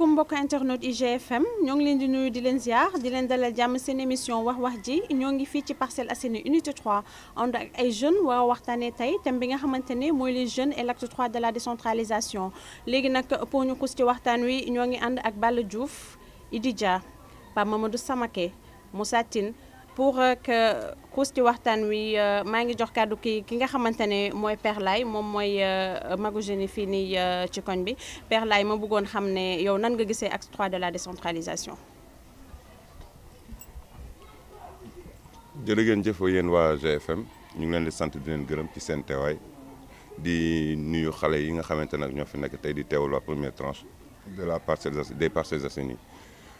asalaamaaleykum mbokk internet IGFM ñoo ngi leen di nuyu di leen ziar di leen dalal jàmm seen émission wax wax ji ñoo ngi fii ci Parcelles Assainies unité 3 ànd ak ay jeunes waa waxtaanee tey thème bi nga xamante ne mooy les jeunes et l'acte 3 de la décentralisation léegi nag pour ñu xuus ci waxtaan wi ñoo ngi ànd ak Balla Diouf Idi Dia Pape Mamadou Samaké Moussa Tine pour euh, que xuus ci waxtaan wi euh, maa ngi jox kàddu ki ki nga xamante ne mooy Père Laye moom mooy euh, magu jeune fii nii ci koñ bi Père Laye ma bëggoon xam ne yow nan nga gisee acte 3 de la décentralisation. jërëgeen jëf yéen waa GFM ñu ngi leen di sant di leen gërëm ci seen teewaay di nuyu xale yi nga xamante nag ñoo fi nekk tey di teewul waa première tranche de la Parcelles des Parcelles Assainies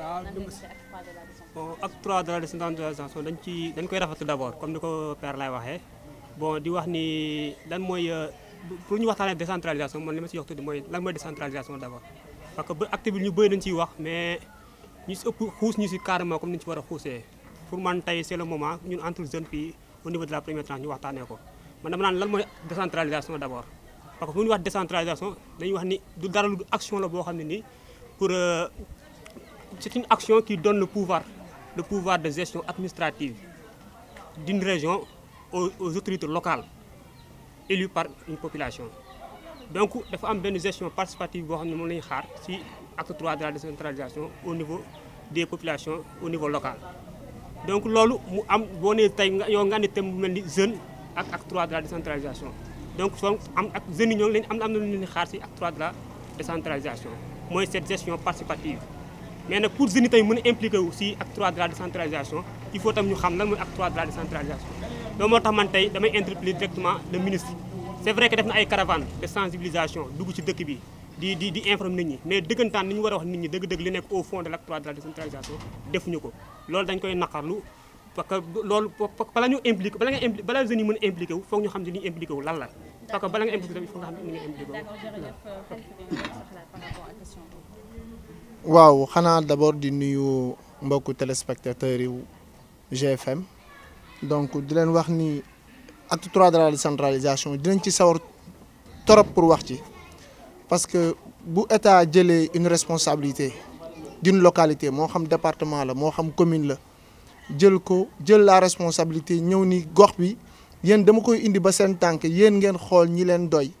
waaw bon acte trois de la décentralisation dañ ci dañ koy rafetlu d' abord comme ni ko père lay waxee bon di wax ni lan mooy pour ñu waxtaanee décentralisation man li ma si yox tudd mooy lan mooy décentralisation d' abord parce que ba acte bi ñu bëri dañ ciy wax mais ñu si ëpp xuus ñu si carrément comme ni ñu si war a xuusee pour man tey c' est le moment ñun entre jeunes fii au niveau de la première tranche ñu waxtaanee ko man dama naan lan mooy décentralisation d' abord parce que bu ñu wax décentralisation dañuy wax ni du dara lu action la boo xam ne nii pour C'est une action qui donne le pouvoir, le pouvoir de gestion administrative d'une région aux, autorités locales élues par une population. Donc, il faut une gestion participative si acte 3 de la décentralisation au niveau des populations au niveau local. Donc, lolu mu am bo 3 de la décentralisation. Donc, il am avoir jeune 3 de la décentralisation. Moy cette gestion participative. mais na pour jeunes yi tey mën a impliqué si acte de la décentralisation il faut tam ñu xam lan mooy acte de la décentralisation loolu moo tax man tey damay interpeller directement le ministre c'est vrai que def na ay caravane de sensibilisation dugg ci dëkk bi di di di nit ñi mais dëggantaan ni ñu war a wax nit ñi dëgg-dëgg li nekk au fond de l'acte de la décentralisation defuñu ko loolu dañ koy naqarlu parce ñu impliqué bala nga yi mën a impliqué que bala nga impliqué wu foog nga xam waaw xanaa d'abord di nuyu mbokku téléspectateurs yu GFM donc di leen wax ni acte trois de centralisation, décentralisation dinañ ci sawar trop pour wax ci parce que bu état jëlee une responsabilité d'une localité moo xam département la moo xam commune la jël ko jël la responsabilité ñëw ni gox bi yéen dama koy indi ba seen tànk yéen ngeen xool ñi leen doy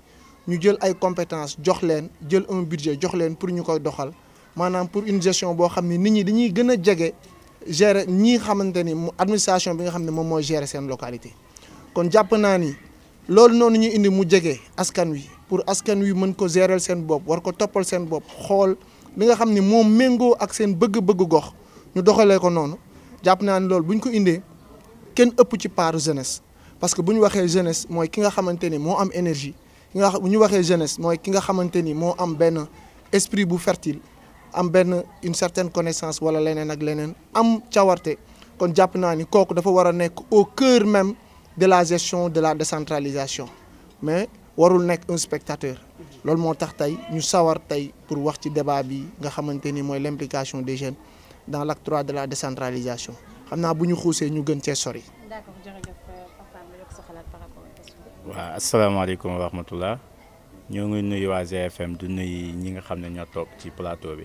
ñu jël ay compétences jox leen jël un budget jox leen pour ñu koy doxal pour une gestion bo xamni nit ñi gérer ñi administration bi nga localité kon japp ni indi pour askan wi mën ko gérer sen bop war ko topal sen bop xol li nga xamni ne mengo ak sen bëgg-bëgg gox ñu ko jeunesse parce que bu waxé jeunesse ki nga am énergie jeunesse nga am ben esprit bu fertile am ben une certaine connaissance wala leneen ak leneen am cawarte kon jàpp naa ni kooku dafa wara nek au cœur même de la gestion de la décentralisation mais warul nek un spectateur loolu moo tax tey ñu sawar tay pour wax ci débat bi nga xamanteni moy l'implication des jeunes dans l'acte 3 de la décentralisation xamna buñu xoussé ñu gën ci sori. d'accord jërëjëf euh, sa xalaat par rapport waaw asalaamaaleykum wa rahmatullah ñoo ngi nuyu wa GFM du nuyu ñi nga xam ñoo toog ci plateau bi.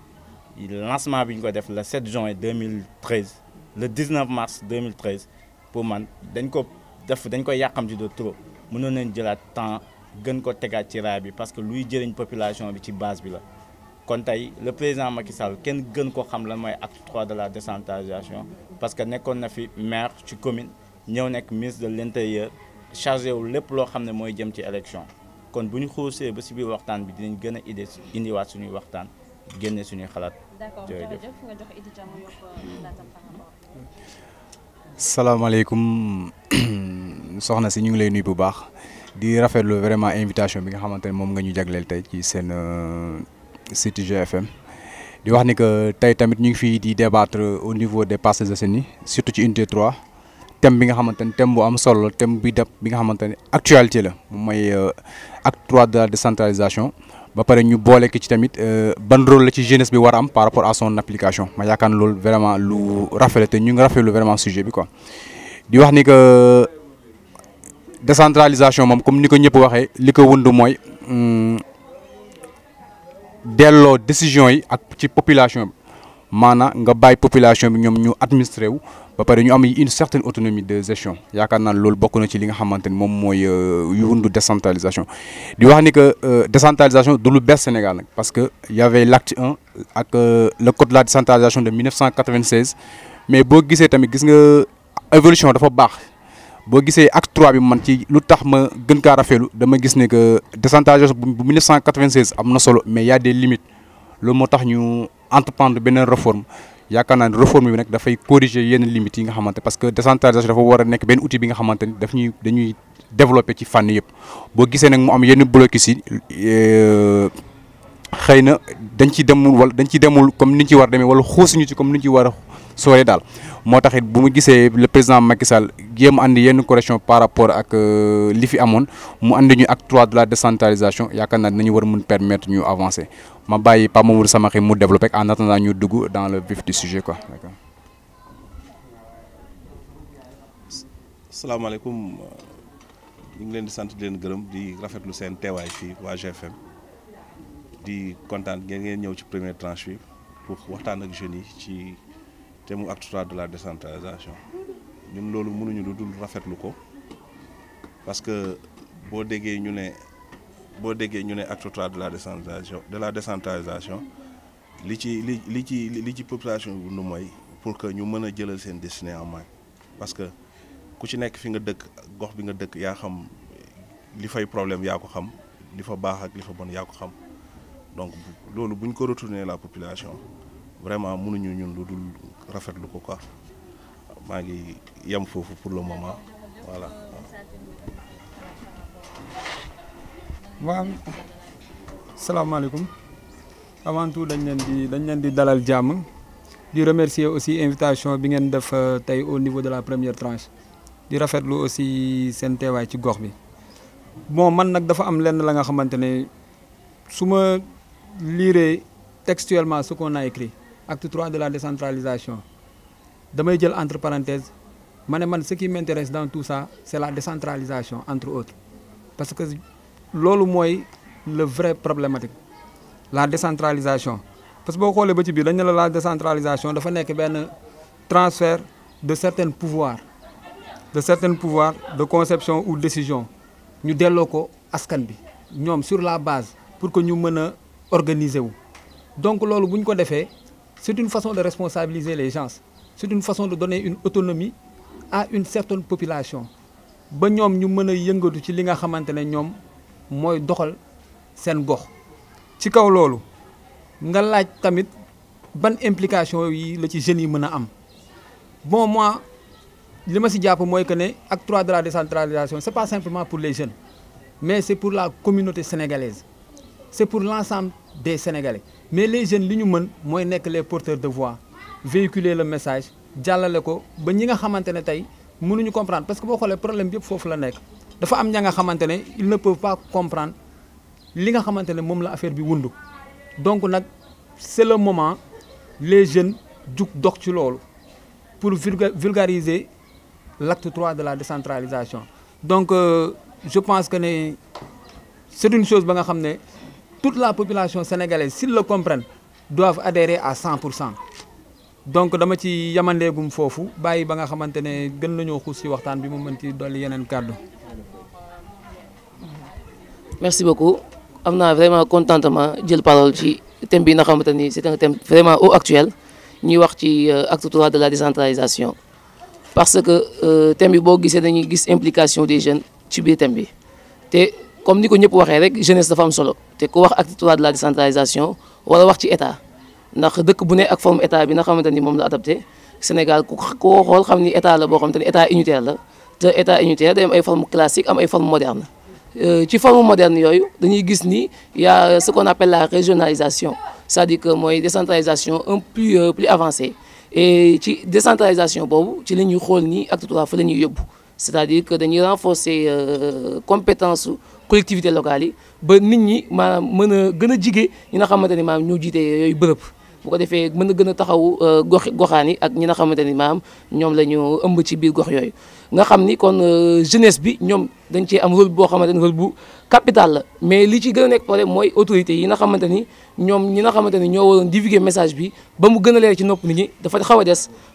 Le lancement bi ñu ko def le 7 juin 2013 le 19 mars 2013 pour man dañ ko def dañ ko yàqam ci de trop mënoon nañ temps gën ko tegaat ci raay parce que luy jëriñ population bi ci base bi la. kon tey le président Macky Sall kenn gën ko xam lan mooy acte 3 de la décentralisation parce que nekkoon na fi maire ci commune ñëw nekk ministre de l'intérieur intérieur chargé wu lépp loo xam ne mooy jëm ci élection kon bu ñu xuusee ba si biir waxtaan bi dinañ gën a idée indiwaat suñuy waxtaan génné suñuy xalaat. d'accord jërëjëf nga jox Idy Thiam euh, mu yokk xalaatam par rapport. salaamaaleykum soxna si ñu ngi lay nuy bu baax di rafetlu vraiment invitation bi nga xamantene ne moom nga ñu jagleel tey ci seen euh, site GFM. di wax ni que tey tamit ñu ngi fii di débattre au niveau des de Assainies surtout ci unité 3 thème bi nga xamantene thème bu am solo thème bi dab bi nga xamantene actualité la moom mooy euh, acte 3 de la décentralisation ba paré ñu boole ci tamit euh, ban rôle la ci jeunesse bi war am par rapport à son application ma yakane lool vraiment lu rafet té ñu ngi rafetlu vraiment sujet bi quoi di wax ni que euh, décentralisation mom comme niko ñëpp waxé liko ko moy mooy hum, décision yi ak ci population mana nga bàyyi population bi ñom ñu administré wu nous avons une certaine autonomie de gestion Nous avons loolu une na ci li nga euh, décentralisation di wax ni que euh, décentralisation de lu Sénégal parce qu'il y avait l'acte 1 ak euh, le code de la décentralisation de 1996 mais si vous tamit une évolution dafa baax boo gisee acte 3 bi man ci lu tax ma gën décentralisation de 1996 mais il mais y a des limites Nous avons tax ñu entreprendre réforme yakana naa réforme bi da fay corriger yene limite yi nga xamante parce que décentralisation da fa wara nek ben outil bi nga xamante ni daf ñuy dañuy développer ci fànn yëpp bo gissé nag mu am yene yenn blocus euh xeyna dañ ci demul wala dañ ci demul comme ni ci war demé wala xuusuñu ci comme ni ci war a dal daal moo tax bu mu gisee le président Macky Sall jéem andi yenn correction par rapport ak euh, li fi amone mu andi ñu ak trois de la décentralisation yakana naa dinañu war a permettre ñu avancer ma bayyi bàyyi Pape sama Samaxi mu développer en attendant ñu dugg dans le vif du sujet quoi d'accord. salaamaaleykum euh, ñu ngi leen di sant di leen gërëm di rafetlu seen téway fi wa GFM di kontaan ngeen ngeen ñëw ci premier tranche pour waxtaan ak jeunes ci thème acte de la décentralisation ñun loolu mënuñu lu dul rafetlu ko parce que boo déggee ñu ne boo déggee ñu ne de la décentralisation de la décentralisation li ci li li ci li ci population bi nu mooy pour que ñu mën a jëlal seen destinée en main parce que ku ci nekk fi nga dëkk gox bi nga dëkk ya xam li fay problème ya ko xam li fa baax ak li fa bon ya ko xam donc loolu buñ ko retourner la population vraiment mënuñu ñun lu dul rafetlu ko quoi maa ngi yem foofu pour le moment voilà. waaw salaamaaleykum avant tout dañ leen di dañ leen di dalal jàmm di remercier aussi invitation bi ngeen def euh, tey au niveau de la première tranche di rafetlu aussi seen teewaay ci gox bi bon man nag dafa am lenn la nga xamante ne su ma. Lire textuellement ce qu'on a écrit acte 3 de la décentralisation damay entre parenthèses ce qui m'intéresse dans tout ça c'est la décentralisation entre autres parce que c'est le vrai problématique la décentralisation parce que si on ba ci la décentralisation dafa un transfert de certains pouvoirs de certains pouvoirs de conception ou décision ñu ce ko askan nous sommes sur la base pour que nous menions donc ce que c'est une façon de responsabiliser les gens c'est une façon de donner une autonomie à une certaine population ba nous ñu mën a yëngatu ci li nga xamante ne ñoom doxal gox ci ban implication yi la ci jeunes am bon moi je me si dit que l'acte acte de la décentralisation c'est pas simplement pour les jeunes mais c'est pour la communauté sénégalaise c'est pour l'ensemble des Sénégalais mais les jeunes ils ne sont que les porteurs de voix véhiculer le message jàllale ba ne tey pas comprendre parce que boo le problème des yëpp la nekk dafa am ils ne peuvent pas comprendre ce nga vous ne c'est la affaire donc c'est le moment les jeunes de pour vulgariser l'acte 3 de la décentralisation donc euh, je pense que c'est une chose que vous savez, toute la population sénégalaise s'ils le comprennent doivent adhérer à 100 donc dama ci yamandeegum foofu bàyyi ba nga xamante ne gën nañoo xuus ci waxtaan bi mu mën ci merci beaucoup Je suis vraiment contentement jël parole ci ce bi c'est un thème vraiment au actuel Nous wax ci euh, acte 3 de la décentralisation parce que euh, thème bi boo gisee implication des jeunes ci biir thème comme nous ko ñëpp waxee rek jeunesse dafa am solo te ku wax acte de la décentralisation wala wax ci état ndax dëkk bu ne ak forme état bi nga xamante ni moom la adapté Sénégal ku koo xool l'État, ni état la boo état unitaire la te état unitaire day classiques, ay forme classique am ay forme moderne euh, ci forme moderne yooyu dañuy ni y a ce qu'on appelle la régionalisation c'est-à-dire que mooy décentralisation un plus euh, plus avancée et ci décentralisation boobu ci la ñuy xool ni acte trois fa la ñuy c'est-à-dire que dañuy renforcer euh, compétences collectivité locale ba nit ñi maanaam mëna gëna gën a jige ñi nga xamante ni maanaam ñoo jiite yooyu bërëb bu ko défé mëna gëna taxaw euh, gox goxaan ak ñi nga xamante ni maanaam ñoom ëmb ci biir gox yoy nga xamni kon euh, jeunesse bi ñom dañ ci am rôle bo xamante rôle bu capital la mais li ci gëna nek nekk problème mooy autorités yi nga xamante ni ñi nga xamante ñoo waroon divulguer message bi ba mu gëna a leer ci nopp nit ñi dafa xawa dess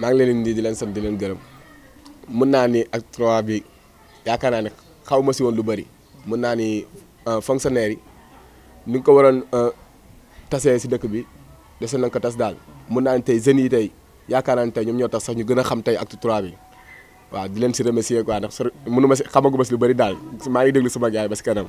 maa ngi leen di di leen sant di leen gërëm mun naa ni ak trois bi yaakaar naa ne xaw ma si woon lu bëri mun naa ni euh, fonctionnaire yi ni nga ko waroon euh, tasee si dëkk bi dese nañ ko tas daal mun naa ni tey jeunes yi tey yaakaar naa tey ñoom ñoo tax sax ñu gën a xam tey acte trois bi waaw di leen si remercier quoi ndax mënu ma si xamaguma si lu bëri daal maa ngi déglu suma gars yi ba si kanam.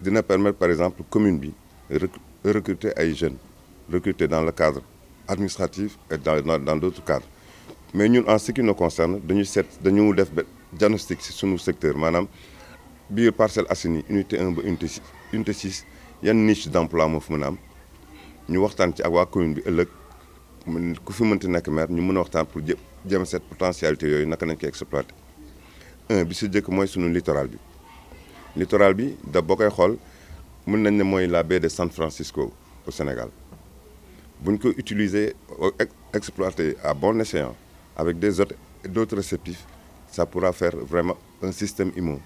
dina permettre par exemple commune recruter des jeunes recruter dans le cadre administratif et dans d'autres cadres mais en ce qui nous concerne dañu set dañu def diagnostic sur nos secteur manam bir parcelle unité 1 unité 6 niche d'emploi Nous avons commune bi ku fi nous pour jëm potentialité un bi littoral littoral bi da bokay xol mën nañ la baie de San Francisco au Sénégal Si on ko utiliser euh, exploiter à bon escient avec des autres d'autres réceptifs ça pourra faire vraiment un système immo,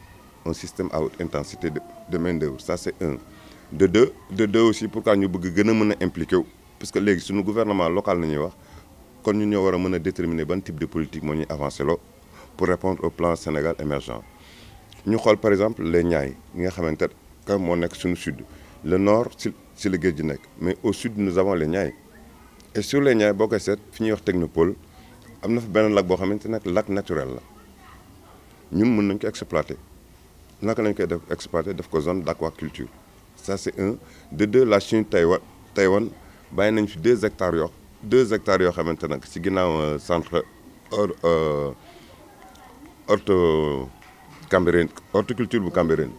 un système à haute intensité de main d'œuvre ça c'est un de deux de deux aussi pourquoi ñu bëgg gëna mëna impliquer parce que gouvernement local nous wax kon déterminer ban type de politique mo pour répondre au plan Sénégal émergent nous avons par exemple les Niaïs, nous nga xamante comme sud le nord c'est le Guédinec, mais au sud nous avons les Niaïs. et sur les Niaïs, si vous seet fi le wax technopole am un lac lac naturel Nous, ñun l'exploiter. nañ ko exploiter dans lañ koy def zone d'aquaculture ça c'est un de deux la Chine Taïwan Taïwan bàyyi nañ deux hectares deux hectares yoo un nag si euh, centre euh, Cambérène horticulture bu Cambérène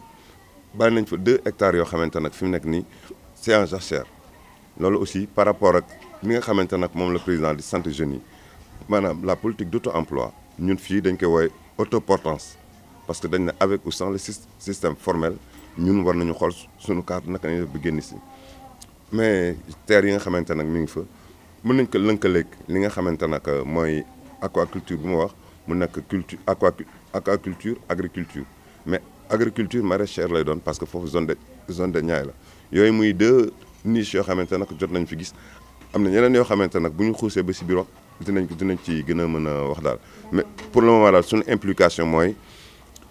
bàyyi nañ fa 2 hectares yo xamante nak fi mu nekk nii c'est en jachère loolu aussi par rapport ak mi nga xamante nak mom le président di sant jeunes manam la politique d'auto-emploi ñun fi dañ koy woowe autoportance parce que dañ na avec ou sans le système formel ñun war nañu xol suñu carte nak nañ def bi génn mais terre yi nga xamante nak mi ngi fa mën nañ ko lënkaleeg li nga xamante nak euh, moy aquaculture bu ma wax mu culture aquaculture agriculture mais agriculture maraîchère lay donne parce que faut zone de zone de il la a muy deux niches qui nous nag jot nañ fi gis am na ñeneen yoo xamante nag bu ñu ba si biir dit mais pour le moment son implication mooy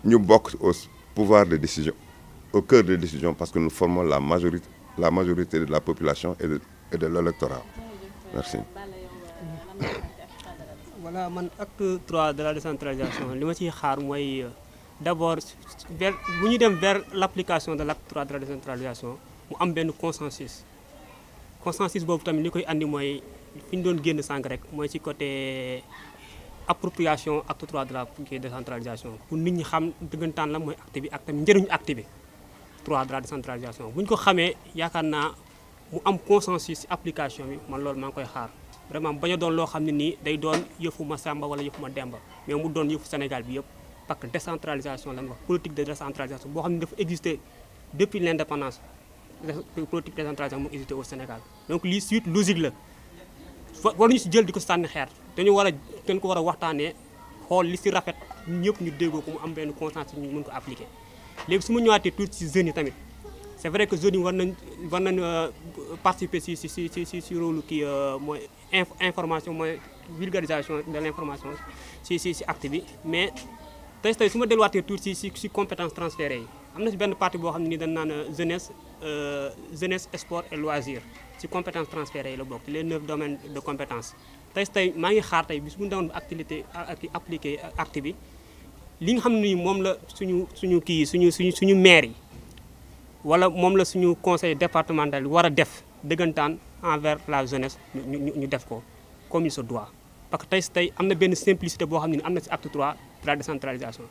nous bokk au pouvoir de décision au cœur des décisions, parce que nous formons la majorité la majorité de la population et de l'électorat merci voilà man acte trois de la décentralisation li ma ciy xaar mooy euh, d'abord vers bu ñu dem vers l'application de l'acte trois de la décentralisation mu am benn consensus consensus boobu tamit li koy andi mooy fi ñu doon génn sànq rek mooy ci côté euh, appropriation acte 3 de la décentralisation pour nit ñi xam dëggantaan la mooy acte bi ak tamit njëriñu acte bi 3 de la décentralisation bu ñu ko xamee yaakaar naa mu am consensus application bi man loolu maa ngi koy xaar vraiment bañ doon lo xamni ni day doon yëfu ma Samba wala yëfu Demba mais mu doon yëfu Sénégal bi yëpp parce décentralisation lañ wax politique de décentralisation bo xamni dafa exister depuis l'indépendance indépendance politique de décentralisation mu exister au Sénégal donc li suite logique la war ñu ci jël diko sanni xéer dañu war ken ko wara waxtané waxtaanee li ci rafet ñepp ñu déggo ko mu am benn conscience ñu mën ko appliquer légui su ma ñëwaatee tuuti si jeunes yi tamit c'est vrai que jeunes war nañ war nañ euh, participer ci ci ci ci rôle kii euh, moy information vulgarisation de l'information si mais tey tey de transférées nous avons partie de la euh, euh, jeunesse sport et loisirs. C'est compétences transférées les neuf domaines de compétences. Je une activité appliquée acte bi li nga conseil départemental dëggantaan envers la jeunesse ñu ñu def ko comme il se doit parce que tey si tey am na benn simplicité boo xam ne am na si acte 3 de la décentralisation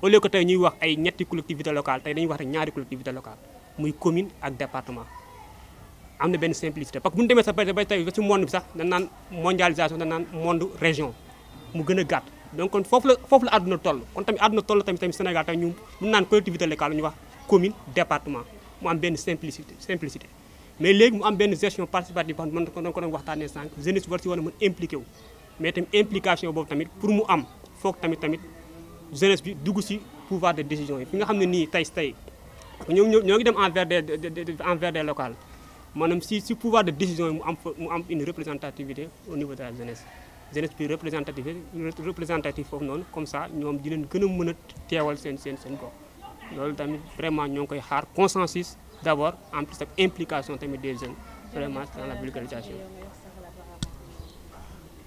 au lieu que tey ñuy wax ay ñetti collectivité locale tey dañuy wax rek ñaari collectivité locale muy commune ak département am na benn simplicité parce que bu ñu demee sax ba tey ba si monde bi sax dañ naan mondialisation dañ naan monde région mu gën a gàtt donc kon foofu la foofu la àdduna toll kon tamit àdduna toll tamit tamit Sénégal tamit ñu mun naan collectivité locale ñu wax commune département mu am benn simplicité simplicité mais léegi mu am ben gestion participative boo xam ne mën ko waxtane sank jeunesse war si mën impliqué wu mais tam implication bobu tamit pour mu am foog tamit tamit jeunesse bi dugg pouvoir de décision yi fi nga xam ne tay tay ñoo ñoo ngi dem envers des envers des locaux. maanaam si si pouvoir de décision mu am mu am une représentativité au niveau de la jeunesse jeunesse bi représentative représentatif foofu non comme ça ñoom di leen gëna mëna téwal sen sen sen seen seen tamit vraiment ñong koy xaar consensus d'abord en plus ak implication tamit des jeunes vraiment dans la vulgarisation.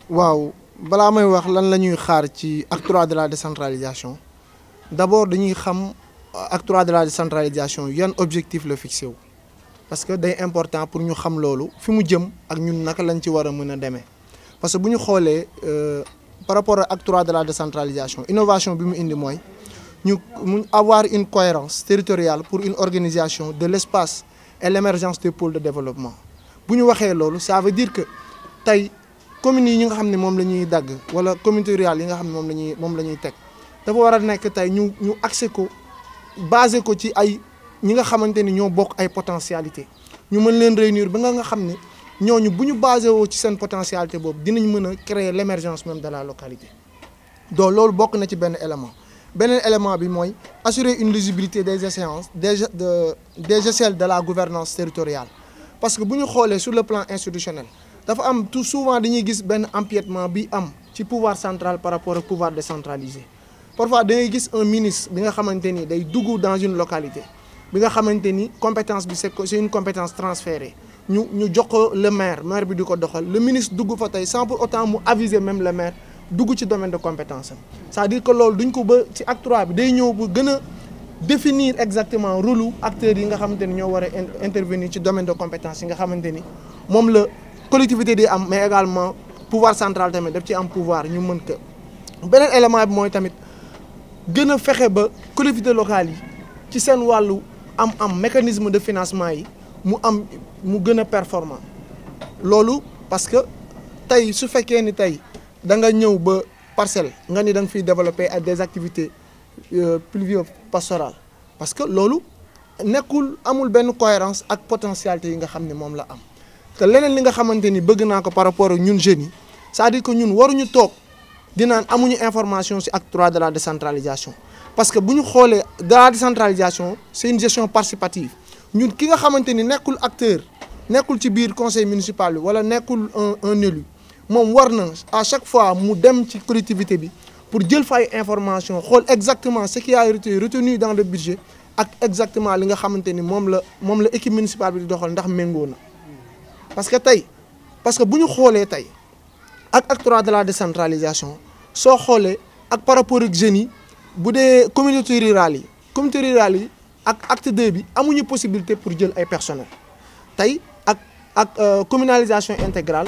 waaw Bala may wax lan lañuy xaar ci acte 3 de la décentralisation d'abord dañuy xam acte 3 de la décentralisation yan objectif le fixé wu. parce que day important pour ñu xam lolu fi mu jëm ak ñun naka lañ ci wara mëna démé. parce que buñu xolé euh par rapport à acte 3 de la décentralisation innovation bi mu indi moy nous avoir une cohérence territoriale pour une organisation de l'espace et l'émergence des pôles de développement. Si nous parlons ça veut dire que les communes qui sont les dans rurales qui sont Nous tech, doivent nous accès basé sur les ñi nga accès ni bokk ay ñu leen réunir ba nga nga xam ne ñooñu bu basé ci potentialité boobu dinañ créer l'émergence même de la localité donc c'est bok na ci élément un élément bi moy assurer une lisibilité des séances, des de de la gouvernance territoriale parce que si xolé sur le plan institutionnel dafa am tout souvent dañuy gis ben empiètement bi am pouvoir central par rapport au pouvoir décentralisé parfois nous avons un ministre bi nga xamanteni dans une localité bi nga xamanteni compétence c'est une compétence transférée Nous ñu jox le maire maire bi le ministre dugg fa sans pour autant aviser même le maire dans ci domaine de compétence c'est-à-dire que lool duñ ko ba ci acte 3 bi day ñëw bu gëna définir exactement rôle acteur yi nga xamanteni ñoo wara intervenir ci domaine de compétence yi nga xamanteni mom moom la collectivité di am mais également pouvoir central tamit daf ci am pouvoir ñu mën ko benen élément bi moy tamit gëna fexé ba collectivité locale yi ci seen walu am am mécanisme de financement yi mu am mu gëna performant loolu parce que tay su fekkee ni tay da nga ñëw ba parcelle nga ni da nga développer ak des activités euh, pluvio-pastorales parce que loolu nekkul amul benn cohérence ak potentialité yi nga xam ne moom la am te leneen li nga xamante ni bëgg naa ko par rapport ak ñun jeunes yi c'est-à-dire que ñun waruñu toog di naan amuñu information ci acte trois de la décentralisation parce que bu ñu xoolee de la décentralisation c'est une gestion participative ñun ki nga xamante ni nekkul acteur nekkul ci biir conseil municipal wala nekkul un un élu moom war à chaque fois mu dem ci collectivité bi pour jël des informations information exactement ce qui a été retenu dans le budget et exactement ce nga xamante ni moom la municipale bi di parce que tey parce que bu rôle xoolee tey ak de la décentralisation soo xoolee ak par rapport au jeunes yi communauté rurale communauté rurale yi ak acte deux bi amuñu possibilité pour jël ay personnel Aujourd'hui, ak ak euh, communalisation intégrale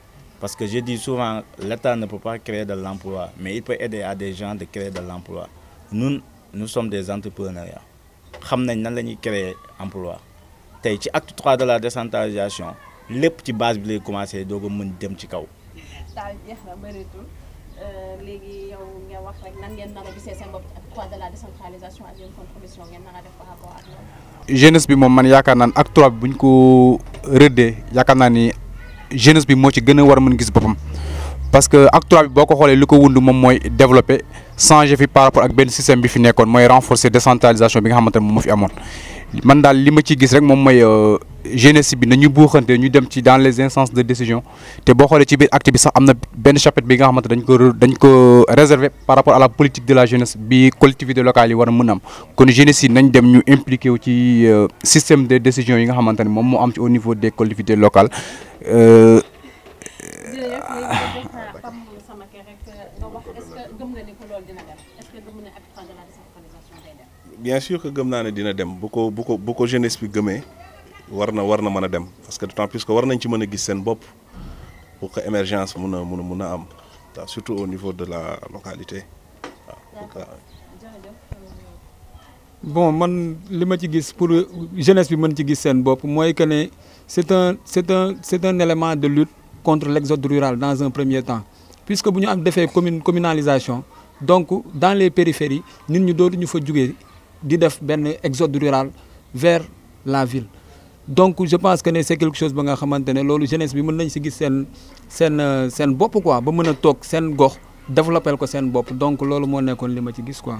Parce que je dis souvent, l'État ne peut pas créer de l'emploi, mais il peut aider à des gens de créer de l'emploi. Nous, nous sommes des entrepreneurs. Nous savons créer l'emploi. Dans l'acte 3 de la décentralisation, les petites bases ont commencé à faire euh, léegi yow nga wax rek nan ngeen nar a gisee seen bopp ak de la décentralisation ak yéen contribution ngeen nar a def par rapport ak jeunesse bi moom man yaakaar naa ne acte trois bi bu ñu ko rëddee yaakaar naa ni jeunesse bi mo ci gëna war a gis bopam parce que acte bi boko xolé xoolee li mom moy moom Sans développer changer fi par rapport ak ben système bi fi nekkoon moy renforcer décentralisation bi nga xamante ne moom moo fi amoon. man dal li ma ciy gis rek mom mooy euh, jeunesse bi nañu buuxante ñu dem ci dans les instances de décision té bo xolé ci biir acte bi sax amna ben benn chapitre bi nga xamante dañ ko dañ ko réserver par rapport à la politique de la jeunesse bi collectivité locale yi war a am kon jeunesse nañ dem ñu impliquer ci euh, système de décision yi nga xamante mom mo am ci au niveau des collectivités locales euh, bien sûr que gëm naa ne dina dem Beaucoup, beaucoup, jeunes ko bu warna jeunesse bi dem parce que d'autant plus que warna nañ ci mën a gis pour que émergence mun a mun am surtout au niveau de la localité bon man li ci gis pour jeunesse bi mën ci gis seen bopp que c'est un c'est un c'est un élément de lutte contre l'exode rural dans un premier temps puisque nous avons am une communalisation donc dans les périphéries nous ñu faire fa di def exode rural vers la ville donc je pense que c'est quelque chose que nga xamante ne jeunesse bi mën nañ si gis seen seen quoi ba développer ko seen donc c'est ce que li ma ci quoi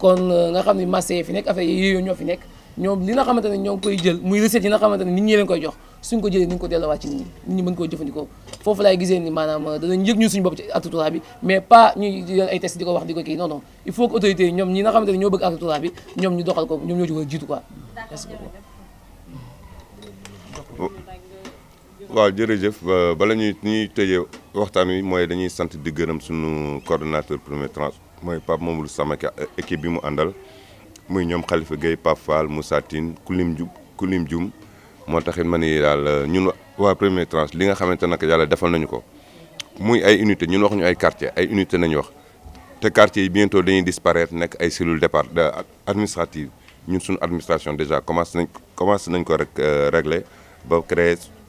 kon euh, nga xam ne marché yi fi nekk affaire yooyu ñoo fi nekk ñoom li na xamante ne ñoo ngi koy jël muy recette yi nga xamante ne nit ñi leen koy jox suñ ko jëlee ni ñu ko delluwaat ci nit ñi foofu laay gisee ni maanaam euh, danañ yëg ñun suñu bopp ci Actu bi mais pas ñuy jël test di ko wax di ko kii non non il faut que ñoom ñi nga xamante ne ñoo bëgg Actu Touba bi ñoom ñu doxal ko ñoom ñoo ci ko a jiitu quoi merci beaucoup waaw jërëjëf bala ñuy ñuy tëjee waxtaan wi mooy dañuy sant di gërëm suñu coordonnateur premier transport moy Pape Mamadou Samake euh, équipe bi mu andal muy ñom Khalifa Gueye Pape Fall Moussa Tine Kulim Ju Kulim Jum moo mané dal euh, ñun wa première tranche li nga xamante nak yalla defal nañu ko muy ay unité ñun wax ñu ay quartier ay unité nañ wax té quartier bientôt dañuy disparaître nek ay cellule départ euh, administrative ñun suñu administration déjà commence nañ commence nañ ko rek régler ba créer